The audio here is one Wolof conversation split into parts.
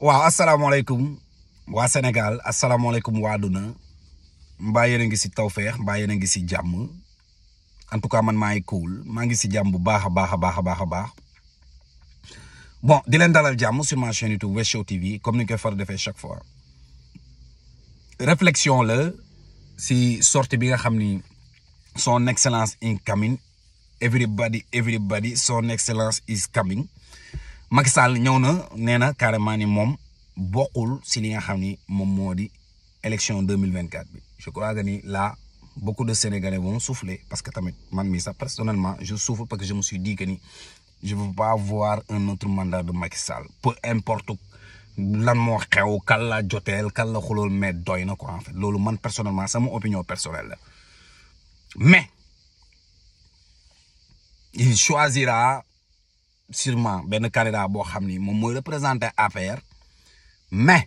waaw asalaamaaleykum waa Sénégal asalaamaaleykum waa àdduna mbaa yéen a ngi si tawféex mbaa yéen a ngi si jàmm en tout cas man maa ngi cool maa ngi si jàmm bu baax a baax a baax a baax a baax bon di leen dalal jàmm sur ma chaîne YouTube Wes Show TV comme ni ñu koy far defee chaque fois réflexion la si sortie bi nga xam ni son excellence is coming everybody everybody son excellence is coming Macky Sall ñëw na nee na carrément ni moom bokkul si li nga xam ni moom moo di élection deux mille vingt quatre bi je crois que ni là beaucoup de Sénégalais vont parce que tamit man mii sax personnellement je souffre parce que je me suis dit que ni je veux pas voir un autre mandat de Macky peu importe lan moo xew kan la joteel kan la xulool mais doy na ko en loolu man personnellement sama opinion personnelle la il choisira sûrement benn candidat boo xam ni moom mooy représenté APR mais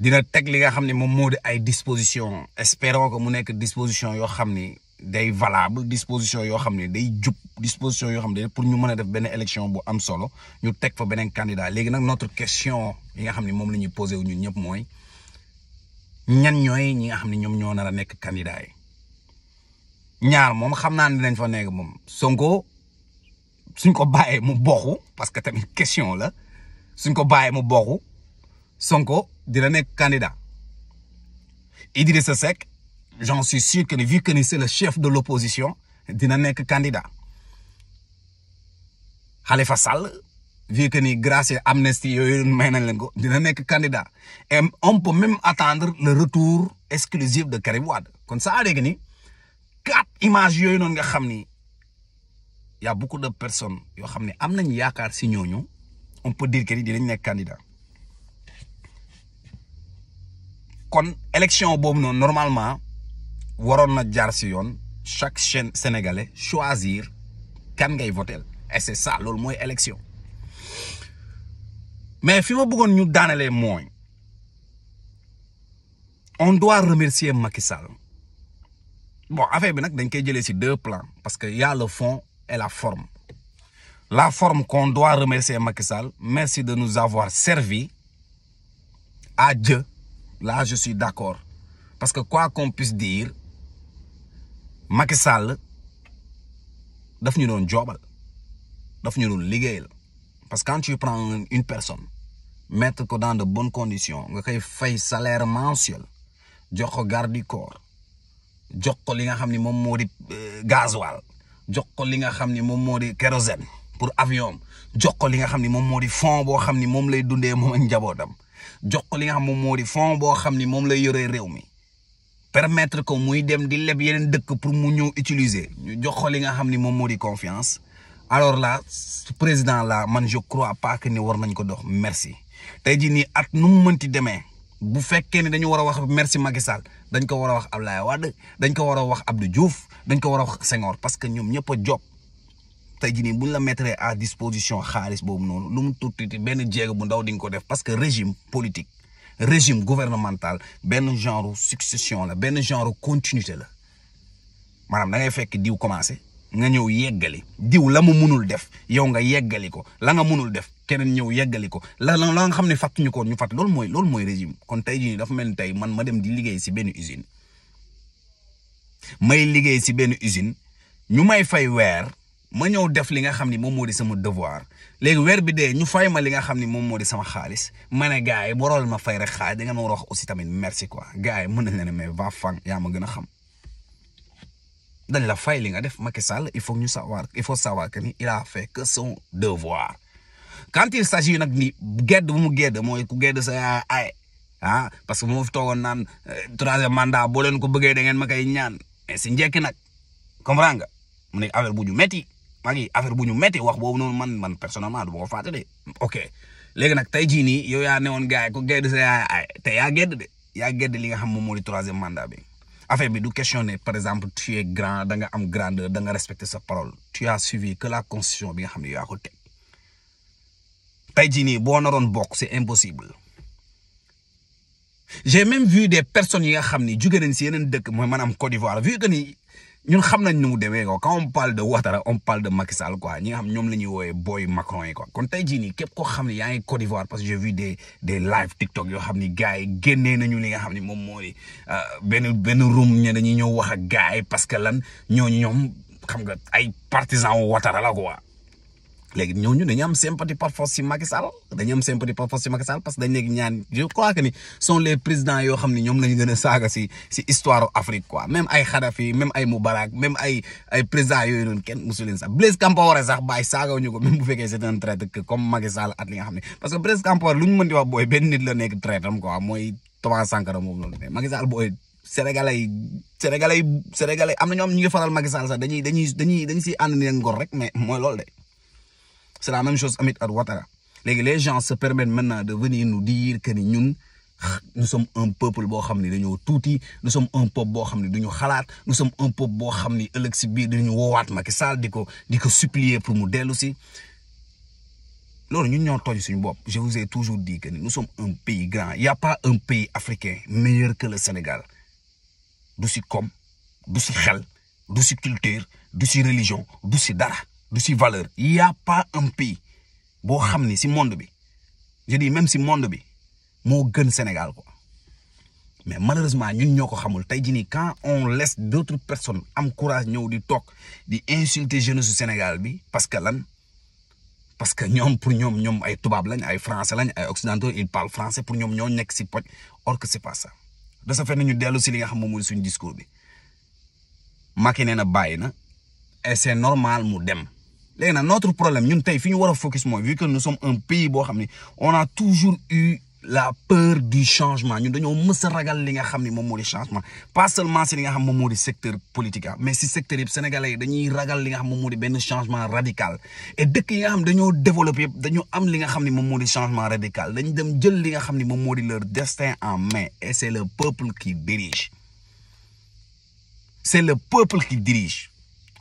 dina teg li nga xam ne moom moo di ay disposition espérons ko mu nekk disposition yoo xam ni day valable disposition yoo xam ne day jub disposition yoo xam ne pour ñu mën a def benn élection bu am solo ñu teg fa beneen candidat léegi nag notre question yi nga xam ne moom la ñuy posé wu ñun ñëpp mooy ñan ñooy ñi nga xam ni ñoom ñoo nar a nekk candidat yi ñaar moom xam naa ne dinañ fa nekk moom Sonko. suñ ko bàyyee mu boxu parce que tamit question la suñ ko bàyyee mu boxu Sonko dina nekk candidat Idrissa Seck j'en suis sûr que vu que ni c'est le chef de l'opposition dina nekk candidat Khalifa Sall vu que ni grâce à amnistie yooyu may nañ leen ko dina nekk candidat et on peut même attendre le retour exclusif de Karim Wade kon saa léegi images yooyu noonu nga xam ni y a beaucoup de personnes yoo xam ne am nañ yaakaar si ñooñu on peut dire que ni dinañ nekk candidat kon élection boobu noonu normalement waroon na jaar si yoon chaque chaîne sénégalais choisir kan ngay votel et c'est ça loolu mooy élection mais fi ma buggoon ñu daanale mooy on doit remercier Macky Sall bon affaire bi nag dañ koy jëlee si deux plans parce que y a fond et la forme. La forme qu'on doit remercier Macky Sall, merci de nous avoir servi à Dieu. la je suis d'accord. Parce que quoi qu'on puisse dire, Macky daf ñu doon joobal daf ñu doon liggéeyal parce que quand tu une personne mettre ko dans de bonnes conditions nga koy fay salaire mensuel jox ko garde du ko li nga xam ni moom moo di euh, gasoil jox ko li nga xam ni moom moo di kérosène pour avion jox ko li nga xam ni moom moo di fond boo xam ni moom lay dundee moom ak njabootam jox ko li nga xam moom moo di fond boo xam ni moom lay yoree réew mi permettre ko muy dem di leb yeneen dëkk pour mu ñëw utiliser ñu jox ko li nga xam ni moom moo di confiance alors la président la man je crois pas que ni war nañ ko dox merci tey jii nii at nu mu mënti demee. bu fekkee ne dañu war a wax merci Macky dañ ko war a wax Ablaye Wade dañ ko war a wax Abdou Diouf dañ ko war a wax Senghor parce que ñoom ñëpp a job te jii nii bu la mettre à disposition xaalis boobu noonu lu mu tuuti benn jéego bu ndaw di nga ko def parce que régime politique régime gouvernemental benn genre succession la benn genre continuité la maanaam da ngay fekk diw commencé nga ñëw yeggali diw la mu munul def yow nga yeggali ko la nga munul def keneen ñëw yeggali ko la la nga xam ne fàttuñu ko ñu fàtt loolu mooy loolu mooy régime kon tey jii dafa mel ni tey man ma dem di liggéey si benn usine may liggéey si benn usine ñu may fay weer ma ñëw def li nga xam ni moom moo di sama devoir léegi weer bi dee ñu fay ma li nga xam ni moom moo di sama xaalis ma ne gars yi borool ma fay rek xaalis da nga ma war wax aussi tamit merci quoi gars yi mën nañ la ne mais va fan yaa ma gën a xam dañ la fay li nga def Macky Sall il faut ñu savoir il faut savoir que ni il a fait que quand il s'agit nag ni gedd bu mu gedd mooy ku gedd sa ay ah parce que moo fi toogoon naan eh, troisième mandat boo leen ko bëggee da ngeen ma koy ñaan mais si njekki nag comprendre nga mu nekk affaire bu ñu métti maa ngi affaire bu ñu métti wax boobu noonu man man du ma ko fàtte de ok léegi nag tey jii nii yow yaa newoon gars yi ku gedd sa yaay ay te yaa gedd de yaa gedd li nga xam moom moo di troisième mandat bi affaire bi du questionner par exemple tu es grand da nga am grandeur da nga respecter sa parole tu as suivi que la constitution bi nga xam ne yaa ko tey jii nii boo naroon bokk c'est impossible j'ai même vu des personnes yi nga xam ni jóge nañ si yeneen dëkk mooy maanaam Côte d'Ivoire vu que ni ñun xam nañ nu mu demee quoi quand on parle de Ouattara on parle de Macky Sall ñi nga xam ñoom la ñuy wooyee booy Macron yi quoi kon tey jii nii képp koo xam ne yaa ngi Côte d'Ivoire parce que j'ai vu des des live TikTok yoo xam ni gars yi génnee nañu li nga xam ni moom mooy euh, benn benn room ña dañuy ñëw wax ak gars yi parce que lan ñoo ñoom xam nga ay partisans Ouattara la quoi. léegi ñooñu dañu am sympathie par force si Macky Sall dañu am sympathie par force si dañ nekk ñaan je crois que ni sont yoo xam ne ñoom la ñu gën a saaga si si histoire Afrique sax Blaise Compaoré sax bàyyi saagawuñu ngor rek mais mooy loolu de c'est la même chose Amit ak Ouattara léegi les gens se permettent maintenant de venir nous dire que ni ñun nous sommes un peuple boo xam ne dañoo tuuti nous som un peuple boo xam ne duñu xalaat nous sommes un peuple boo xam ni ëllëg si biir ñu woowaat Macky Sall di ko di ko supplier pour mu dellu si loolu ñun ñoo tooñ suñu bopp je vous ai toujours di que nu nous sommes un pays grand il y a pas un pays africain meilleur que le Sénégal du si kom du si xel du si culture du si religion du du si valeur il y a pas un pays boo xam ni si monde bi je dis même si monde bi moo gën Sénégal quoi mais malheureusement ñun ñoo ko xamul tey jii nii quand on les d'autres personnes am courage ñëw di toog di insulter jeunesse su Sénégal bi parce que lan parce que ñoom pour ñoom ñoom ay tubaab lañ ay français lañ ay occidentaux ils parlent français pour ñoom ñoo nekk si poj or que c'est pas ça de ñu dellu si li nga xam moom mooy suñu discours bi Macky nee na bàyyi na et normal mu dem. léegi nag notre problème ñun tey fi ñu war a focus mooy vu que un pays boo xam ne on a toujours eu la peur du changement ñu dañoo mës a ragal li nga xam ne moom moo di changement pas seulement si li nga xam moom moo di secteur politique ah mais si secteur yëpp sénégalais yi dañuy ragal li nga xam moom moo di benn changement radical et dëkk yi nga xam dañoo développé yëpp dañoo am li nga xam ne moom moo di changement radical dañu dem jël li nga xam ne moom moo di leur destin en main et c'est le peuple qui dirige c'est le peuple qui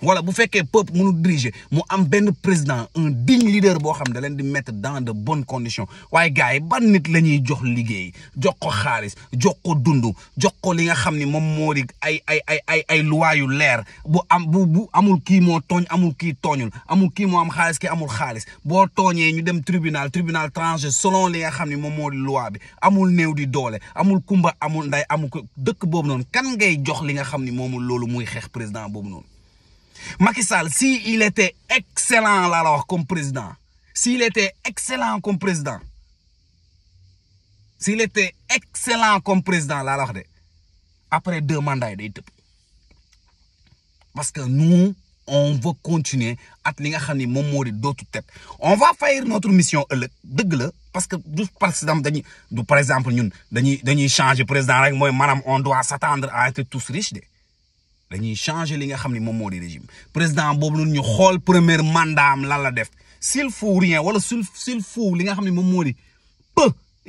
wala bu fekkee peuple mënu diriger mu am benn président un digne leader boo xam ne da leen di mettre dans de bonnes conditions waaye gars yi ban nit la ñuy jox liggéey jox ko xaalis jox ko dund jox ko li nga xam ni moom moo di ay ay ay ay ay loi yu leer bu am bu bu amul kii moo tooñ amul kii tooñul amul kii moo am xaalis ki amul xaalis boo tooñee ñu dem tribunal tribunal tranché selon li nga xam ni moom moo loi bi amul néew di doole amul kumba amul nday amul ko dëkk boobu noonu kan ngay jox li nga xam ni moomul loolu muy xeex boobu noonu Macky Sall, s'il était excellent alors comme président, s'il était excellent comme président, s'il était excellent comme président la wax de après deux mandats yi day tëb parce que nous on veut continuer at li nga xam ni moom moo di dootu teg on va faire notre mission ëllëg dëgg la parce que du par exemple dañuy du par exemple ñun dañuy dañuy changer président rek mooy maanaam on doit s'attendre à être tous riches de dañuy changer li nga xam ni moom moo di régime président boobu noonu ñu xool premier mandat am lan la def s'il faut rien wala s'il s'il faut li nga xam ne moom moo di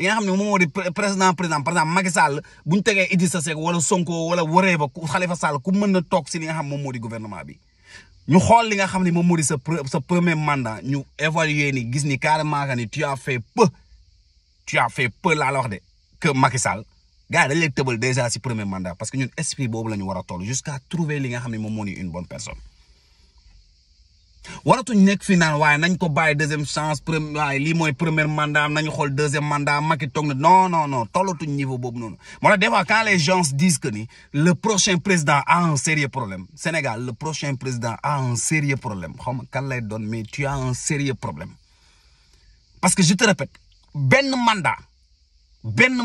nga xam ne moom moo di président président par exemple Macky Sall bu ñu tegee Idrissa Seck wala Sonko wala waree ba Khalifa Sall ku mën na toog si li nga xam moom moo di bi. ñu xool li nga xam ne moom moo di sa sa premier mandat ñu évaluer ni gis ni carrément que ni tu as fait peu tu as fait peu laa de que Macky Sall. gars yi dañ leen tëbal déjà si premier mandat parce que ñun esprit boobu la ñu a toll jusqu'à trouver li nga xam ne une bonne personne. waratuñ nekk fii naan waaye nañ ko bàyyi deuxième chance premier waaye lii mooy premier mandat nañ xool deuxième mandat Macky toog na non non non niveau boobu noonu. moo tax des fois quand les gens que ni le prochain président a un sérieux problème Sénégal le prochain président a un sérieux problème xaw ma kan lay doon mais tu as un sérieux problème. parce que benn mandat benn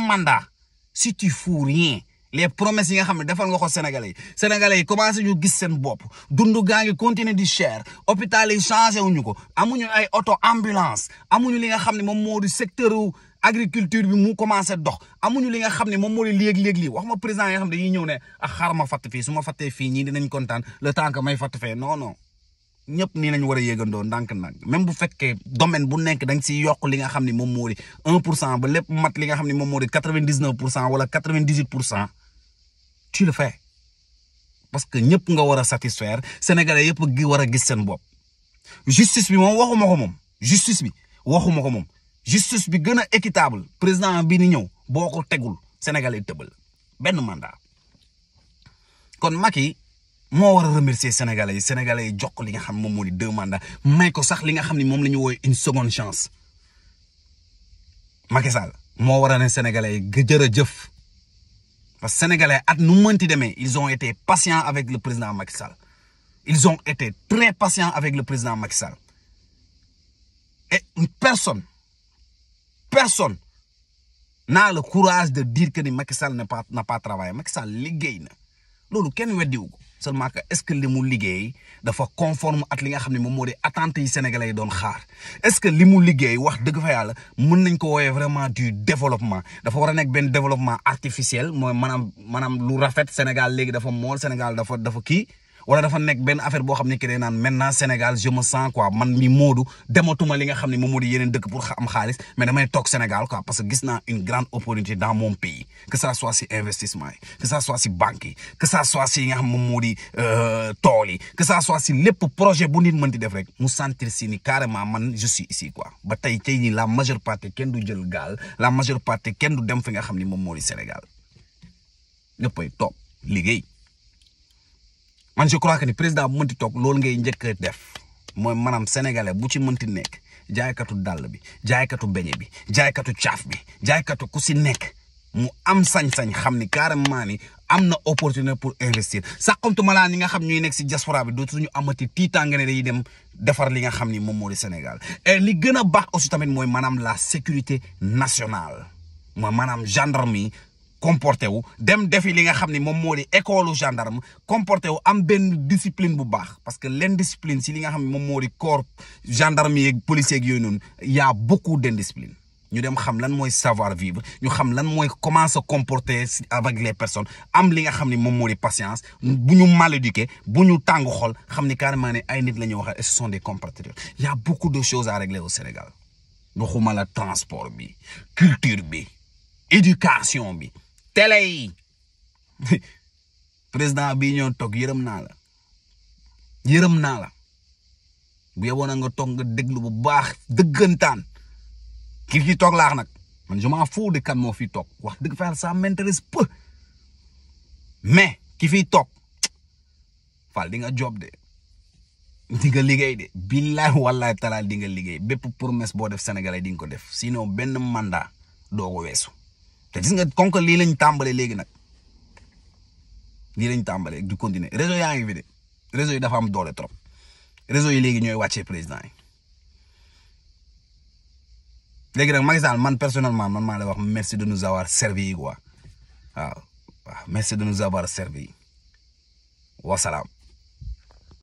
si tu yi rien les promesses yi nga xam ne defal nga ko Sénégalais yi Sénégalais yi commencé ñu gis seen bopp dund gaa ngi continuer di cher hôpital yi changé wuñu ko amuñu ay auto ambulance amuñu li nga xam ne moom moo di secteur agriculture bi mu commencé dox amuñu li nga xam ne moom moo di léeg-léeg lii wax ma président yi nga xam ne dañuy ñëw ne ah ma fatt fii suma ma fattee fii ñii dinañ kontaan le temps que may fatt fee non non. ñépp nii lañ war a yéegandoo ndànk-ndànk même bu fekkee domaine bu nekk da nga yokk li nga xam ne moom moo di un pour cent ba lépp mat li nga xam ne moom moo di quatre vingt dix neuf pour cent wala quatre vingt dix huit pour cent tu le fais parce que ñëpp nga war a satisfaire sénégalais yëpp gi war a gis seen bopp justice bi moom waxuma ko moom justice bi waxuma ko moom justice bi gën a équitable président bi ni ñëw boo tegul sénégalais tëbal benn mandat kon Macky moo war a remercier sénégalais yi yi jox ko li nga xam moom moo di deux mandats may ko sax li nga xam ni moom la ñu woowee une seconde chance Macky moo war a ne sénégalais a jëf parce que sénégalais at nu mënti demee ils ont été patients avec le président Macky Sall ils ont été très avec le président Macky Sall personne personne n'a le courage de dire que ni Macky Sall n'a pas n'a pas travaillé Macky liggéey na loolu kenn weddiwu ko seulement que est-ce que li mu liggéey dafa conforme at li nga xam ne moom moo di attentes yi sénégalais yi doon xaar est-ce que li mu liggéey wax dëgg fa yàlla mën nañ ko woowee vraiment du développement dafa war a nekk benn développement artificiel mooy maanaam maanaam lu rafet Sénégal léegi dafa mool Sénégal dafa dafa kii wala dafa nekk benn affaire boo xam ne ki day naan maintenant Sénégal je me sens quoi man mi Modou dematuma li nga xam ne moom moo di yeneen dëkk pour am xaalis mais damay toog Sénégal quoi parce que gis naa une grande opportunité dans mon pays que ça soit si investissement yi que si banque yi que ça soit si nga xam moom moo di euh, tool yi que ça si lépp projet bu nit mën di def rek mu sentir si ni carrément man je suis ici ba tey tey nii la majeure partie kenn du jël gaal la majeure partie kenn du dem fi xam ne moom moo di Sénégal ñëppay toog man je crois que ni président bu mënti toog loolu ngay njëkk a def mooy maanaam sénégalais bu ci mënti nekk jaaykatu dàll bi jaaykatu beñe bi jaaykatu caaf bi jaaykatu ku si nekk mu am sañ-sañ xam ni carrément ni am na opportunité pour investir sàqamtuma laa ñi nga xam ñuy nekk si diaspora bi dootuñu amati tiitaange ne dañuy dem defar li nga xam ni moom moo di Sénégal et li gën a baax aussi tamit mooy maanaam la sécurité nationale mooy maanaam gendarmerie comporté wu dem defi li nga xam ni moom moo di école gendarme comporté wu am benn discipline bu baax parce que l'indiscipline si li nga xam ne moom moo di corps gendarme yeeg policier yeeg yooyu noonu y a beaucoup d'indiscipline ñu dem xam lan mooy savoir vivre ñu xam lan mooy comment se comporter avec les personnes am li nga xam ne moom moo di patience bu ñu mal éduqué bu ñu tàng xol xam ni carrément ne ay nit la ñuy waxal son des compatriotes y a beaucoup de choses à régler au transport bi culture bi éducation bi télé président bii ñoo toog yërëm naa la yërëm naa la bu yeboon nga toog nga déglu bu baax dëggantaan ki fi toog laax nag man je m'en fous de moo fi toog wax dëgg fa ça m'intéresse peu mais ki fi toog fal di nga job de di nga liggéey de billahi wallahi talaal di nga liggéey bépp promesse boo def sénégalais di nga ko def sinon benn manda doo ko weesu te gis nga kon lii lañ tàmbalee léegi nag lii lañ tàmbalee du continuer réseau yaa ngi fi de réseau yi dafa am doole trop réseau yi léegi ñooy wàccee président yi léegi nag Macky Sall man personnellement man maa lay wax merci de nous avoir servi quoi waaw waaw merci de nous avoir servi wasalaam.